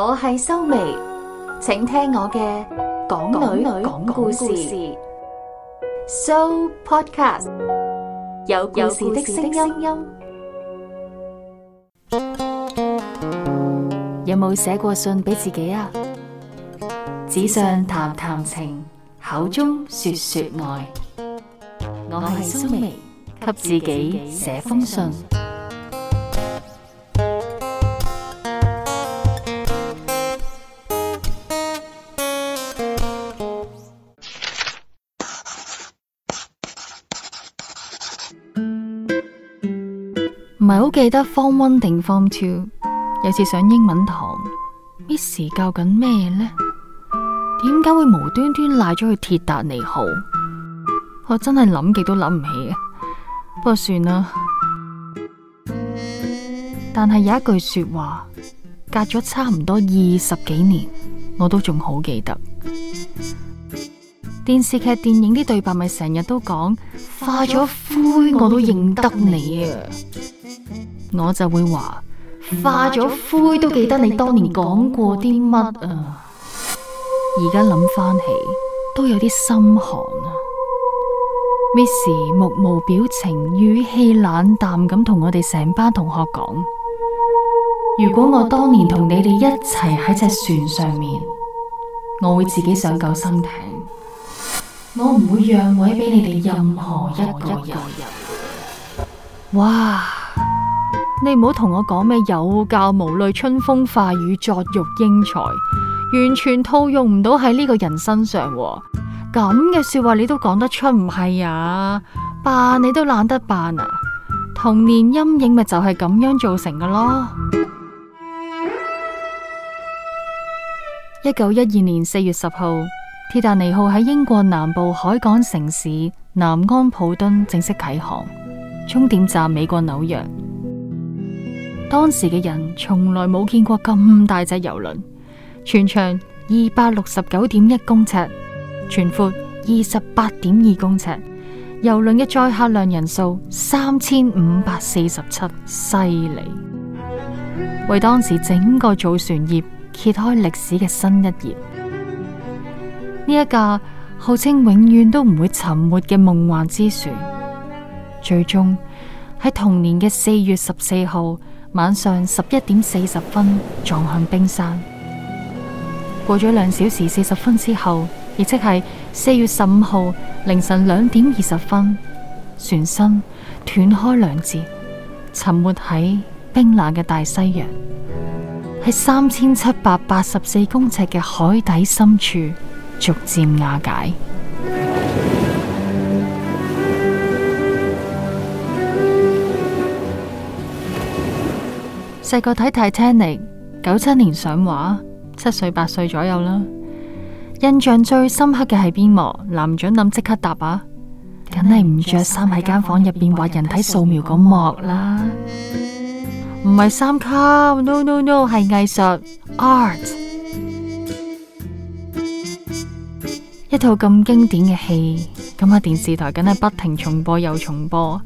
我係蘇眉，請聽我嘅講女女講故事，So Podcast 有故事的聲音。有冇寫過信俾自己啊？紙上談談情，口中說說愛。我係蘇眉，給自己寫封信。唔係好記得 Form One 定 Form Two。有次上英文堂，Miss 教緊咩呢？點解會無端端賴咗去鐵達尼號？我真係諗極都諗唔起啊。不過算啦。但係有一句說話，隔咗差唔多二十幾年，我都仲好記得。電視劇、電影啲對白咪成日都講，化咗灰我都認得你啊。我就會話化咗灰都記得你當年講過啲乜啊！而家諗翻起都有啲心寒啊！Miss，目無表情，語氣冷淡咁同我哋成班同學講：如果我當年同你哋一齊喺隻船上面，我會自己上救生艇，我唔會讓位俾你哋任何一個人。個人哇！你唔好同我講咩有教無類，春風化雨，作育英才，完全套用唔到喺呢個人身上。咁嘅說話你都講得出，唔係呀？扮你都懶得扮啊！童年陰影咪就係咁樣造成噶咯。一九一二年四月十號，鐵達尼號喺英國南部海港城市南安普敦正式啟航，終點站美國紐約。當時嘅人從來冇見過咁大隻遊輪，全長二百六十九點一公尺，全闊二十八點二公尺，遊輪嘅載客量人數三千五百四十七，犀利，為當時整個造船業揭開歷史嘅新一頁。呢一架號稱永遠都唔會沉沒嘅夢幻之船，最終喺同年嘅四月十四號。晚上十一點四十分撞向冰山，過咗兩小時四十分之後，亦即係四月十五號凌晨兩點二十分，船身斷開兩截，沉沒喺冰冷嘅大西洋，喺三千七百八十四公尺嘅海底深處，逐漸瓦解。細個睇《Titanic》，九七年上畫，七歲八歲左右啦。印象最深刻嘅係邊幕？男准諗即刻答啊，梗係唔着衫喺間房入邊畫人體素描咁幕啦。唔係三級，no no no，係藝術，art。一套咁經典嘅戲，咁啊，電視台梗係不停重播又重播。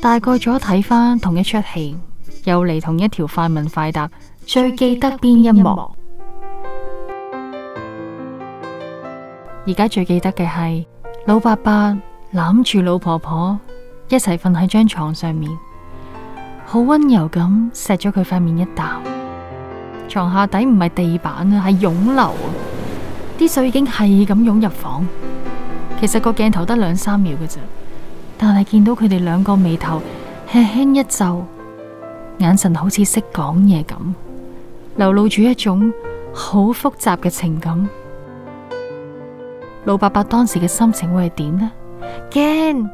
大個咗睇翻同一出戲。又嚟同一條快問快答，最記得邊一幕？而家 最記得嘅係老伯伯攬住老婆婆一齊瞓喺張床上面，好溫柔咁錫咗佢塊面一啖。床下底唔係地板啊，係湧流，啲水已經係咁湧入房。其實個鏡頭得兩三秒嘅咋，但係見到佢哋兩個眉頭輕輕一皺。眼神好似識講嘢咁，流露住一種好複雜嘅情感。老伯伯當時嘅心情會係點呢？驚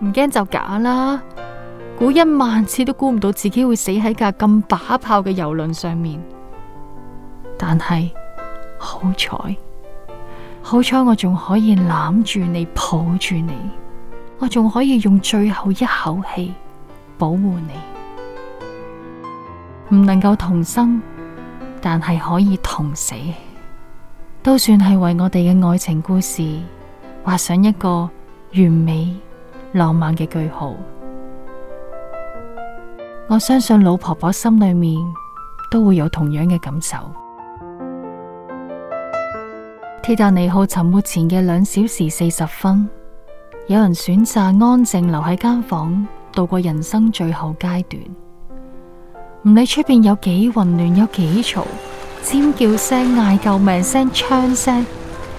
唔驚就假啦，估一萬次都估唔到自己會死喺架咁把炮嘅遊輪上面。但係好彩，好彩我仲可以攬住你，抱住你，我仲可以用最後一口氣保護你。唔能夠同生，但係可以同死，都算係為我哋嘅愛情故事畫上一個完美浪漫嘅句號。我相信老婆婆心裏面都會有同樣嘅感受。鐵達尼號沉沒前嘅兩小時四十分，有人選擇安靜留喺間房，度過人生最後階段。唔理出邊有幾混亂，有幾嘈，尖叫聲、嗌救命聲、槍聲，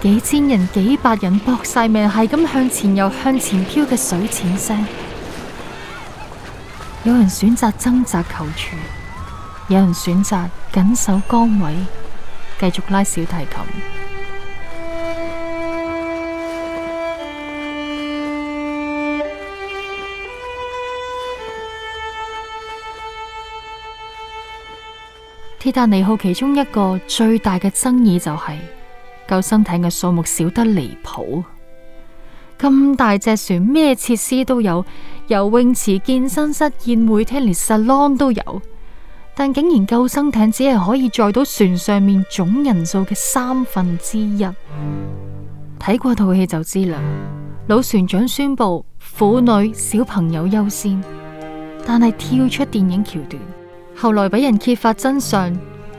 幾千人、幾百人搏晒命，係咁向前又向前飄嘅水淺聲。有人選擇掙扎求存，有人選擇緊守崗位，繼續拉小提琴。《泰坦尼克號》其中一個最大嘅爭議就係、是、救生艇嘅數目少得離譜。咁大隻船，咩設施都有，游泳池、健身室、宴會廳、連沙龍都有，但竟然救生艇只係可以載到船上面總人數嘅三分之一。睇過套戲就知啦，老船長宣佈婦女、小朋友優先，但係跳出電影橋段。後來俾人揭發真相，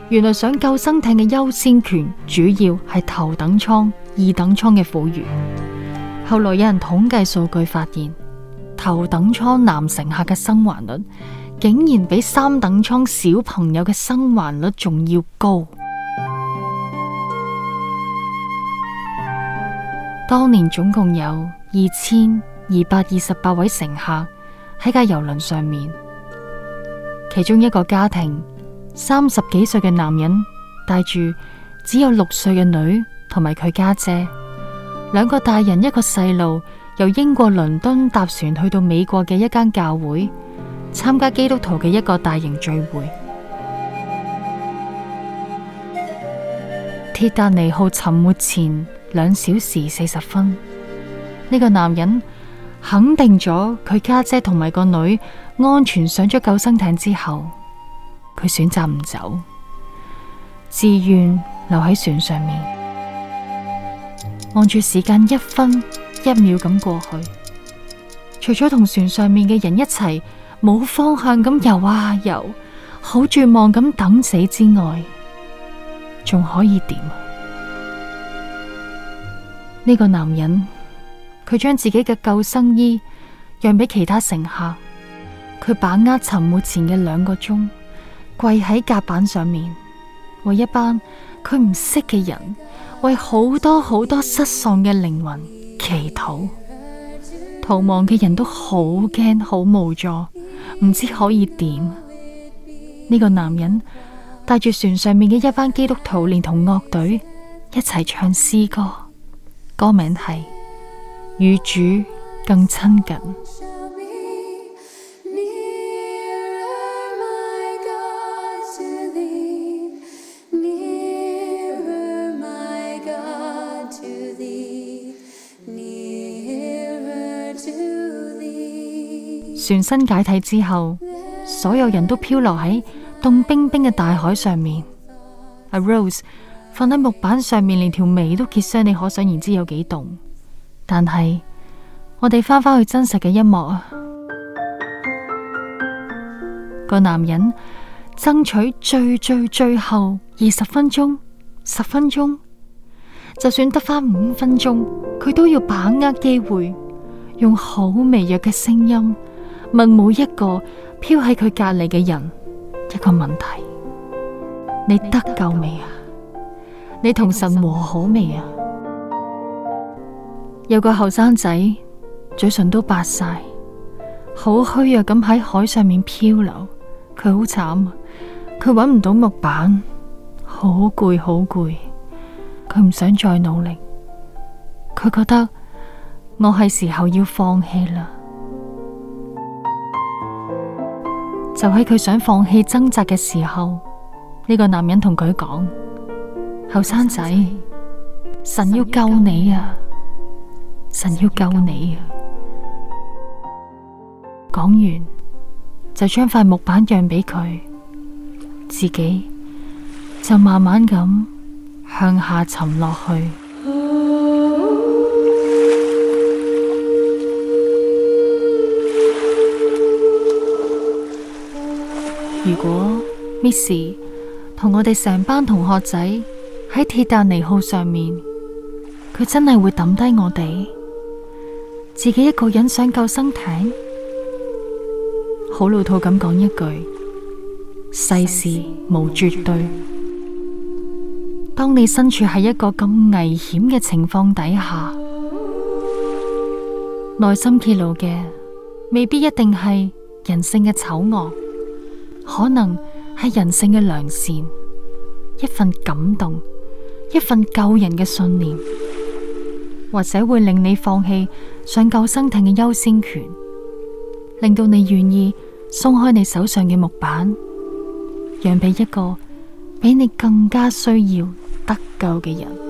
原來上救生艇嘅優先權主要係頭等艙、二等艙嘅婦孺。後來有人統計數據發現，頭等艙男乘客嘅生還率竟然比三等艙小朋友嘅生還率仲要高。當年總共有二千二百二十八位乘客喺架遊輪上面。其中一個家庭，三十幾歲嘅男人帶住只有六歲嘅女同埋佢家姐，兩個大人一個細路，由英國倫敦搭船去到美國嘅一間教會，參加基督徒嘅一個大型聚會。鐵達尼號沉沒前兩小時四十分，呢個男人。肯定咗佢家姐同埋個女安全上咗救生艇之後，佢選擇唔走，自願留喺船上面，望住時間一分一秒咁過去，除咗同船上面嘅人一齊冇方向咁遊啊游，好絕望咁等死之外，仲可以點啊？呢個男人。佢將自己嘅救生衣讓俾其他乘客，佢把握沉沒前嘅兩個鐘，跪喺甲板上面，為一班佢唔識嘅人，為好多好多失喪嘅靈魂祈禱。逃亡嘅人都好驚，好無助，唔知可以點。呢個男人帶住船上面嘅一班基督徒，連同樂隊一齊唱詩歌，歌名係。與主更親近。 船身解體之後，所有人都漂流喺凍冰冰嘅大海上面。Arose，瞓喺木板上面，連條眉都結霜，你可想而知有幾凍。但係，我哋翻返去真實嘅一幕啊！個男人爭取最最最後二十分鐘、十分鐘，就算得翻五分鐘，佢都要把握機會，用好微弱嘅聲音問每一個飄喺佢隔籬嘅人一個問題：你得救未啊？你同神和好未啊？有個後生仔嘴唇都白晒，好虛弱咁喺海上面漂流。佢好慘，佢搵唔到木板，好攰好攰。佢唔想再努力，佢覺得我係時候要放棄啦。就喺、是、佢想放棄掙扎嘅時候，呢、這個男人同佢講：後生仔，神要救你啊！神要救你啊！講完就將塊木板讓俾佢，自己就慢慢咁向下沉落去。 如果 Miss 同我哋成班同學仔喺鐵達尼號上面，佢真係會抌低我哋。自己一個人上救生艇。好老套咁講一句：世事無絕對。當你身處喺一個咁危險嘅情況底下，內心揭露嘅未必一定係人性嘅醜惡，可能係人性嘅良善，一份感動，一份救人嘅信念。或者會令你放棄上救生艇嘅優先權，令到你願意鬆開你手上嘅木板，讓俾一個比你更加需要得救嘅人。